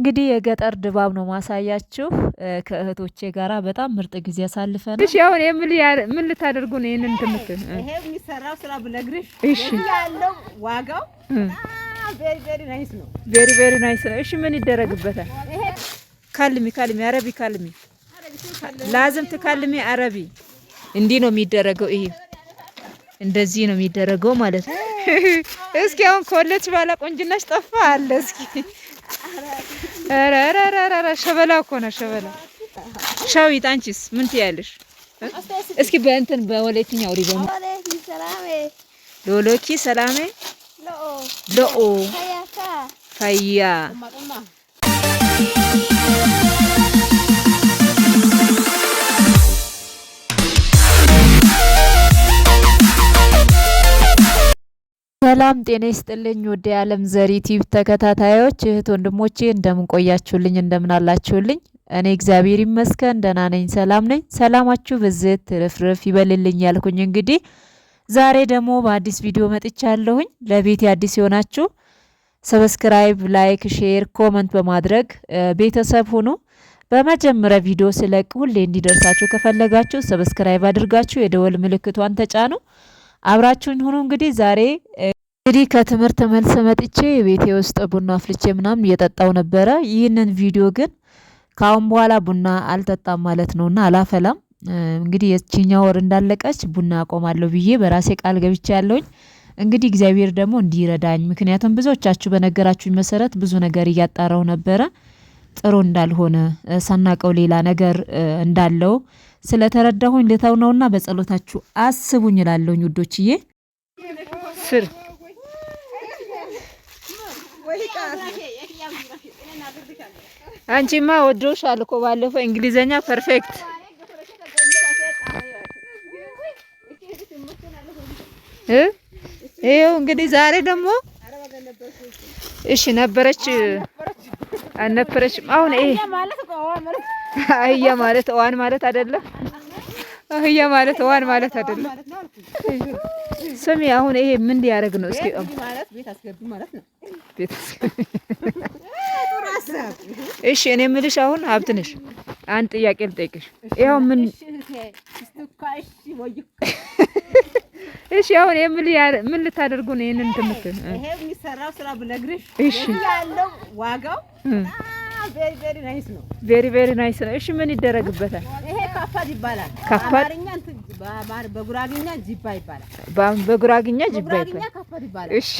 እንግዲህ የገጠር ድባብ ነው ማሳያችሁ። ከእህቶቼ ጋራ በጣም ምርጥ ጊዜ አሳልፈናል። እሺ አሁን ምን ልታደርጉ ነው? ይህንን ትምት ይሄ የሚሰራው ስራ ብነግርሽ፣ ያለው ዋጋው ቬሪ ቬሪ ናይስ ነው። ቬሪ ቬሪ ናይስ ነው። እሺ ምን ይደረግበታል? ካልሚ ካልሚ፣ አረቢ ካልሚ፣ ላዝም ትካልሚ አረቢ። እንዲህ ነው የሚደረገው። ይሄ እንደዚህ ነው የሚደረገው ማለት ነው። እስኪ አሁን ኮሌጅ ባላ ቆንጅናሽ ጠፋ አለ እስኪ ኧረ ሸበላ እኮ ነው ሸበላ። ሻዊት አንቺስ ምን ትያለሽ? እስኪ በእንትን ሎሎኪ ሰላሜ ሎኦ ፈያ ሰላም ጤና ይስጥልኝ ወደ የዓለም ዘሪ ቲዩብ ተከታታዮች እህት ወንድሞቼ፣ እንደምንቆያችሁልኝ እንደምናላችሁልኝ፣ እኔ እግዚአብሔር ይመስገን ደህና ነኝ፣ ሰላም ነኝ። ሰላማችሁ ብዝት ትርፍርፍ ይበልልኝ ያልኩኝ እንግዲህ ዛሬ ደግሞ በአዲስ ቪዲዮ መጥቻለሁኝ። ለቤት አዲስ የሆናችሁ ሰብስክራይብ፣ ላይክ፣ ሼር፣ ኮመንት በማድረግ ቤተሰብ ሁኑ። በመጀመሪያ ቪዲዮ ስለቅ ሁሌ እንዲደርሳችሁ ከፈለጋችሁ ሰብስክራይብ አድርጋችሁ የደወል ምልክቷን ተጫኑ። አብራችሁን ሁኑ። እንግዲህ ዛሬ እንግዲህ ከትምህርት መልስ መጥቼ ቤቴ ውስጥ ቡና አፍልቼ ምናምን እየጠጣው ነበረ። ይህንን ቪዲዮ ግን ከአሁን በኋላ ቡና አልጠጣም ማለት እና አላፈላም። እንግዲህ የችኛ ወር እንዳለቀች ቡና አቆማለሁ ብዬ በራሴ ቃል ገብቻ ያለውኝ እንግዲህ እግዚአብሔር ደግሞ እንዲረዳኝ ምክንያቱም ብዙዎቻችሁ በነገራችሁኝ መሰረት ብዙ ነገር እያጣራው ነበረ ጥሩ እንዳልሆነ ሳናቀው ሌላ ነገር እንዳለው ስለተረዳሁኝ ልተው ነውና በጸሎታችሁ አስቡኝ እላለሁኝ ውዶችዬ። ስር አንቺማ ወዶሻል እኮ ባለፈው እንግሊዘኛ ፐርፌክት ይኸው እንግዲህ ዛሬ ደግሞ እሺ ነበረች አልነበረችም። አሁን ይሄ አህያ ማለት ዋን ማለት አይደለም። አህያ ማለት ዋን ማለት አይደለም። ስሚ አሁን ይሄ ምን ሊያደርግ ነው? እስኪ እሺ እኔ የምልሽ አሁን ሀብትነሽ አንድ ጥያቄ ልጠይቅሽ። ይኸው ምን እሺ አሁን የምል ምን ልታደርጉ ነው? ይሄንን እንትምት ይሄ የሚሰራው ስራ ብነግርሽ፣ እሺ ያለው ዋጋው ቬሪ ቬሪ ናይስ ነው። ቬሪ ቬሪ ናይስ ነው። እሺ ምን ይደረግበታል? ይሄ ካፋድ ይባላል። ካፋድ በጉራግኛ ጂባ ይባላል። በጉራግኛ ጂባ ይባላል። እሺ፣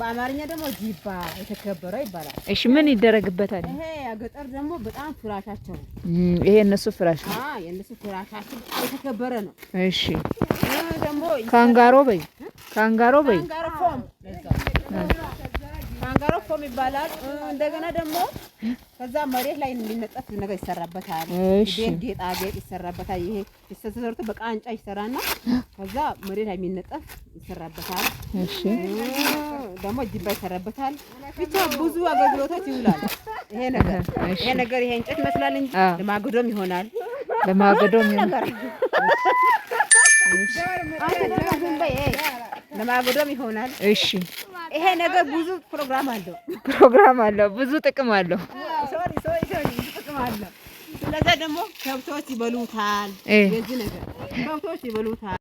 በአማርኛ ደግሞ ጂባ የተከበረ ይባላል። እሺ፣ ምን ይደረግበታል? ይሄ ገጠር ደግሞ በጣም ፍራሻቸው ይሄ እነሱ ፍራሽ ነው። አዎ፣ የእነሱ ፍራሻቸው የተከበረ ነው። እሺ፣ ደግሞ ካንጋሮ በይ፣ ካንጋሮ በይ፣ ካንጋሮ ፎም ቀረፎም ይባላል። እንደገና ደግሞ ከዛ መሬት ላይ የሚነጠፍ ነገር ይሰራበታል። ቤት ጌጥ ይሰራበታል። ይሄ ተሰርቶ በቃንጫ ይሰራና ከዛ መሬት ላይ የሚነጠፍ ይሰራበታል። ደግሞ ጅባ ይሰራበታል። ብቻ ብዙ አገልግሎቶች ይውላል። ይሄ ነገር ይሄ ነገር ይሄ እንጨት ይመስላል እንጂ ለማገዶም ይሆናል። ለማገዶም ይሆናል። ለማገዶም ይሆናል። እሺ ይሄ ነገር ብዙ ፕሮግራም አለው፣ ፕሮግራም አለው፣ ብዙ ጥቅም አለው። ሶሪ ሶሪ ሶሪ፣ ጥቅም አለው። ስለዚህ ደግሞ ከብቶች ይበሉታል፣ የዚህ ነገር ከብቶች ይበሉታል።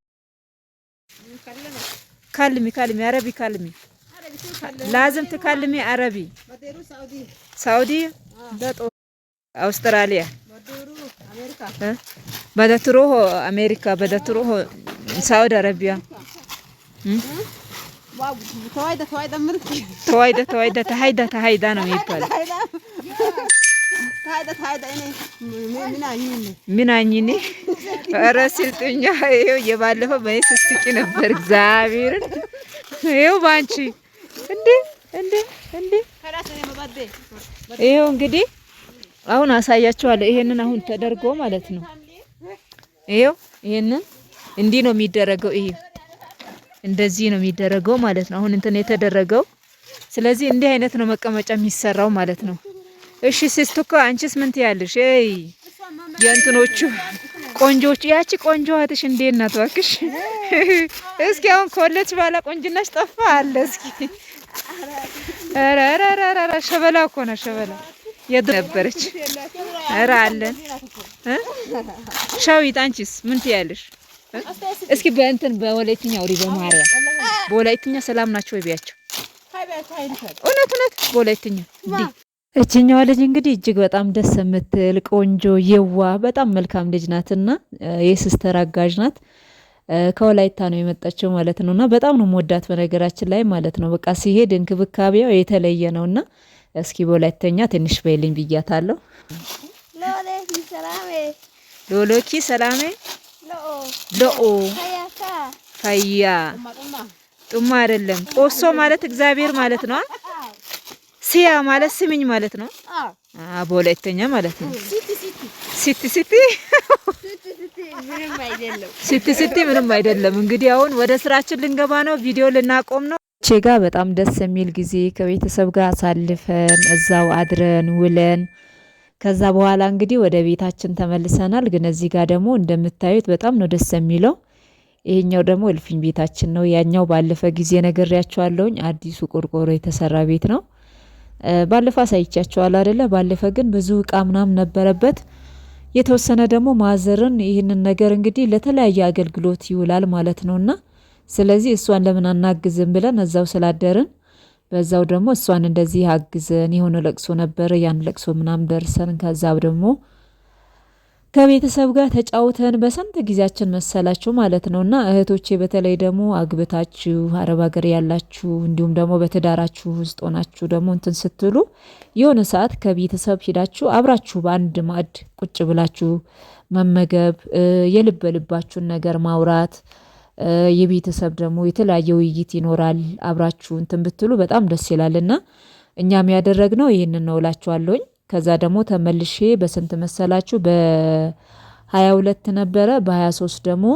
ካልሚ ካልሚ አረቢ ካልሚ ላዝም ትካልሚ አረቢ ሳውዲ አውስትራሊያ በደትሮሆ አሜሪካ በደትሮሆ ሳውዲ አረቢያ ተዋይደ ተዋይደ ተሀይዳ ተሀይዳ ነው የሚባለው። ምናኝኔ ኧረ ስልጡኛ ይኸው የባለፈው በእኔ ስትስቂ ነበር። እግዚአብሔርን ይኸው በአንቺ እንደ እንደ እንደ ይኸው እንግዲህ አሁን አሳያችኋለሁ። ይሄንን አሁን ተደርጎ ማለት ነው። ይኸው ይሄንን እንዲህ ነው የሚደረገው። ይሄ እንደዚህ ነው የሚደረገው ማለት ነው። አሁን እንትን የተደረገው ስለዚህ እንዲህ አይነት ነው መቀመጫ የሚሰራው ማለት ነው። እሺ ሲስቱኮ አንቺስ ምን ትያለሽ? እይ የእንትኖቹ ቆንጆቹ ያቺ ቆንጆ እህትሽ እንዴ ናት እባክሽ? እስኪ አሁን ኮለች ባላ ቆንጅናሽ ጠፋ አለ። እስኪ ኧረ ሸበላ እኮ ነው ሸበላ የነበረች ኧረ አለን ሻዊት አንቺስ ምን ትያለሽ? እስኪ በእንትን በወላይትኛ ውሪ በማርያም በወላይትኛ ሰላም ናቸው ቢያቸው እውነት እውነት በወላይትኛ እችኛዋ ልጅ እንግዲህ እጅግ በጣም ደስ የምትል ቆንጆ የዋ በጣም መልካም ልጅ ናትና የሲስተር አጋዥ ናት። ከወላይታ ነው የመጣችው ማለት ነው። እና በጣም ነው መወዳት በነገራችን ላይ ማለት ነው። በቃ ሲሄድ እንክብካቤው የተለየ ነው። እና እስኪ በወላይተኛ ትንሽ በይልኝ ብያታለሁ። ሎሎኪ ሎሎኪ ሰላሜ ለኦ ፈያ ጡማ አይደለም። ጦሶ ማለት እግዚአብሔር ማለት ነው። ሲያ ማለት ስሚኝ ማለት ነው። በወላይተኛ ማለት ነው። ሲቲ ሲቲ ሲቲ ሲቲ ምንም አይደለም። እንግዲህ አሁን ወደ ስራችን ልንገባ ነው። ቪዲዮ ልናቆም ነው። ቼ ጋ በጣም ደስ የሚል ጊዜ ከቤተሰብ ጋር አሳልፈን እዛው አድረን ውለን ከዛ በኋላ እንግዲህ ወደ ቤታችን ተመልሰናል። ግን እዚህ ጋር ደግሞ እንደምታዩት በጣም ነው ደስ የሚለው። ይሄኛው ደግሞ እልፍኝ ቤታችን ነው። ያኛው ባለፈ ጊዜ ነግሬያቸዋለሁኝ አዲሱ ቆርቆሮ የተሰራ ቤት ነው። ባለፈ አሳይቻቸዋል አደለ? ባለፈ ግን ብዙ እቃ ምናምን ነበረበት። የተወሰነ ደግሞ ማዘርን ይህንን ነገር እንግዲህ ለተለያየ አገልግሎት ይውላል ማለት ነውና ስለዚህ እሷን ለምን አናግዝም ብለን እዛው ስላደርን በዛው ደግሞ እሷን እንደዚህ አግዘን የሆነ ለቅሶ ነበረ ያን ለቅሶ ምናምን ደርሰን ከዛ ደግሞ ከቤተሰብ ጋር ተጫውተን በስንት ጊዜያችን መሰላችሁ ማለት ነው። እና እህቶቼ በተለይ ደግሞ አግብታችሁ አረብ ሀገር ያላችሁ እንዲሁም ደግሞ በትዳራችሁ ውስጥ ሆናችሁ ደግሞ እንትን ስትሉ የሆነ ሰዓት ከቤተሰብ ሂዳችሁ አብራችሁ በአንድ ማዕድ ቁጭ ብላችሁ መመገብ የልበልባችሁን ነገር ማውራት የቤተሰብ ደግሞ የተለያየ ውይይት ይኖራል አብራችሁ እንትን ብትሉ በጣም ደስ ይላል እና እኛም ያደረግነው ይህንን ነው እላችኋለሁኝ። ከዛ ደግሞ ተመልሼ በስንት መሰላችሁ በ ሁለት ነበረ በሃያ ሶስት ደግሞ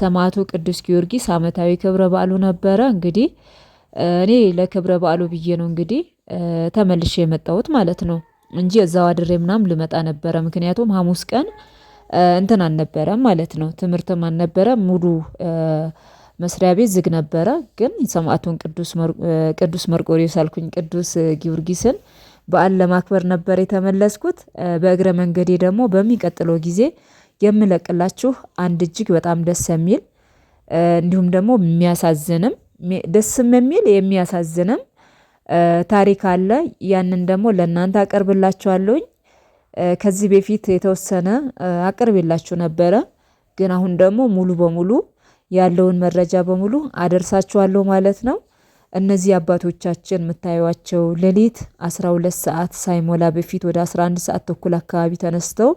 ሰማዕቱ ቅዱስ ጊዮርጊስ አመታዊ ክብረ በዓሉ ነበረ። እንግዲህ እኔ ለክብረ በዓሉ ብዬ ነው እንግዲህ ተመልሼ የመጣሁት ማለት ነው እንጂ እዛው አድሬ ምናምን ልመጣ ነበረ። ምክንያቱም ሐሙስ ቀን እንትን አልነበረም ማለት ነው። ትምህርትም አልነበረም። ሙሉ መስሪያ ቤት ዝግ ነበረ። ግን ሰማዕቱን ቅዱስ መርቆሬዎስ አልኩኝ ቅዱስ ጊዮርጊስን በዓል ለማክበር ነበር የተመለስኩት። በእግረ መንገዴ ደግሞ በሚቀጥለው ጊዜ የምለቅላችሁ አንድ እጅግ በጣም ደስ የሚል እንዲሁም ደግሞ የሚያሳዝንም ደስም የሚል የሚያሳዝንም ታሪክ አለ። ያንን ደግሞ ለእናንተ አቀርብላችኋለሁኝ። ከዚህ በፊት የተወሰነ አቅርቤላችሁ ነበረ፣ ግን አሁን ደግሞ ሙሉ በሙሉ ያለውን መረጃ በሙሉ አደርሳችኋለሁ ማለት ነው። እነዚህ አባቶቻችን የምታዩቸው ሌሊት 12 ሰዓት ሳይሞላ በፊት ወደ 11 ሰዓት ተኩል አካባቢ ተነስተው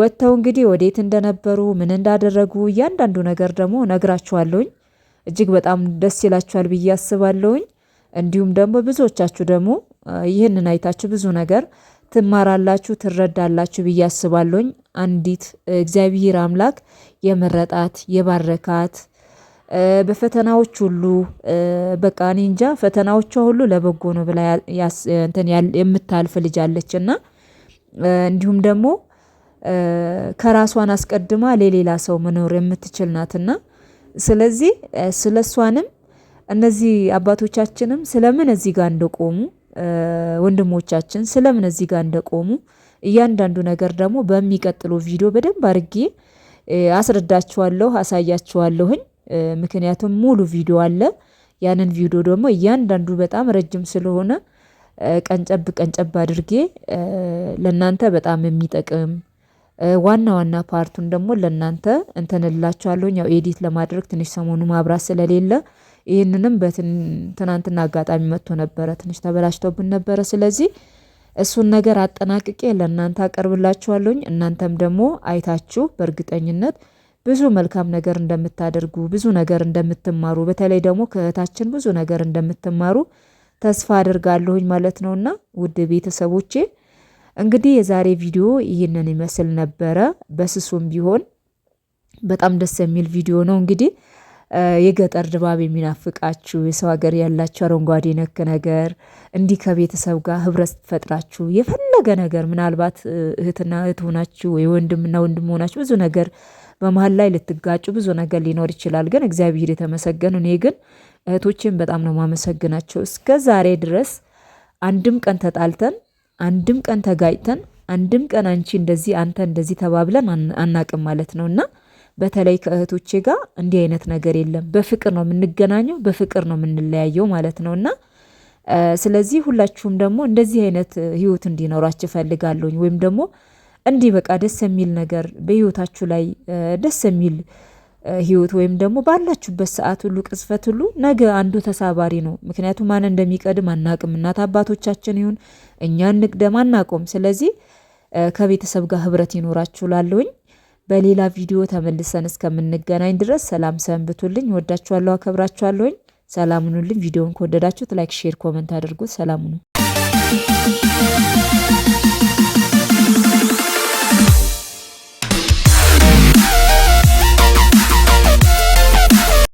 ወጥተው እንግዲህ ወዴት እንደነበሩ ምን እንዳደረጉ እያንዳንዱ ነገር ደግሞ ነግራችኋለሁኝ። እጅግ በጣም ደስ ይላችኋል ብዬ አስባለሁኝ። እንዲሁም ደግሞ ብዙዎቻችሁ ደግሞ ይህንን አይታችሁ ብዙ ነገር ትማራላችሁ፣ ትረዳላችሁ ብዬ አስባለሁኝ። አንዲት እግዚአብሔር አምላክ የመረጣት የባረካት በፈተናዎች ሁሉ በቃ እኔ እንጃ ፈተናዎቿ ሁሉ ለበጎ ነው ብላ የምታልፍ ልጃለች እና እንዲሁም ደግሞ ከራሷን አስቀድማ ለሌላ ሰው መኖር የምትችል ናትና ስለዚህ ስለ እሷንም እነዚህ አባቶቻችንም ስለምን እዚህ ጋር እንደቆሙ ወንድሞቻችን ስለምን እዚህ ጋር እንደቆሙ እያንዳንዱ ነገር ደግሞ በሚቀጥለው ቪዲዮ በደንብ አድርጌ አስረዳችኋለሁ፣ አሳያችኋለሁኝ። ምክንያቱም ሙሉ ቪዲዮ አለ። ያንን ቪዲዮ ደግሞ እያንዳንዱ በጣም ረጅም ስለሆነ ቀንጨብ ቀንጨብ አድርጌ ለእናንተ በጣም የሚጠቅም ዋና ዋና ፓርቱን ደግሞ ለእናንተ እንተንላችኋለሁኝ። ያው ኤዲት ለማድረግ ትንሽ ሰሞኑ ማብራት ስለሌለ ይህንንም በትናንትና አጋጣሚ መጥቶ ነበረ፣ ትንሽ ተበላሽቶብን ነበረ። ስለዚህ እሱን ነገር አጠናቅቄ ለእናንተ አቀርብላችኋለሁኝ። እናንተም ደግሞ አይታችሁ በእርግጠኝነት ብዙ መልካም ነገር እንደምታደርጉ ብዙ ነገር እንደምትማሩ በተለይ ደግሞ ከእህታችን ብዙ ነገር እንደምትማሩ ተስፋ አድርጋለሁኝ ማለት ነውና ውድ ቤተሰቦቼ እንግዲህ የዛሬ ቪዲዮ ይህንን ይመስል ነበረ። በስሱም ቢሆን በጣም ደስ የሚል ቪዲዮ ነው እንግዲህ የገጠር ድባብ የሚናፍቃችሁ የሰው ሀገር ያላችሁ አረንጓዴ ነክ ነገር እንዲህ ከቤተሰብ ጋር ህብረት ፈጥራችሁ የፈለገ ነገር ምናልባት እህትና እህት ሆናችሁ ወይ ወንድምና ወንድም ሆናችሁ ብዙ ነገር በመሀል ላይ ልትጋጩ ብዙ ነገር ሊኖር ይችላል። ግን እግዚአብሔር የተመሰገኑ። እኔ ግን እህቶቼን በጣም ነው ማመሰግናቸው። እስከ ዛሬ ድረስ አንድም ቀን ተጣልተን፣ አንድም ቀን ተጋጭተን፣ አንድም ቀን አንቺ እንደዚህ አንተ እንደዚህ ተባብለን አናቅም ማለት ነው እና በተለይ ከእህቶቼ ጋር እንዲህ አይነት ነገር የለም። በፍቅር ነው የምንገናኘው፣ በፍቅር ነው የምንለያየው ማለት ነው እና ስለዚህ ሁላችሁም ደግሞ እንደዚህ አይነት ህይወት እንዲኖራችሁ እፈልጋለሁኝ። ወይም ደግሞ እንዲህ በቃ ደስ የሚል ነገር በህይወታችሁ ላይ ደስ የሚል ህይወት ወይም ደግሞ ባላችሁበት ሰዓት ሁሉ ቅጽበት ሁሉ ነገ አንዱ ተሳባሪ ነው። ምክንያቱም ማን እንደሚቀድም አናቅም። እናት አባቶቻችን ይሁን እኛ እንቅደም አናቆም። ስለዚህ ከቤተሰብ ጋር ህብረት ይኖራችሁ ላለውኝ በሌላ ቪዲዮ ተመልሰን እስከምንገናኝ ድረስ ሰላም ሰንብቱልኝ። ወዳችኋለሁ፣ አከብራችኋለሁኝ። ሰላሙኑልኝ። ቪዲዮውን ከወደዳችሁት ላይክ፣ ሼር፣ ኮመንት አድርጉት። ሰላሙኑ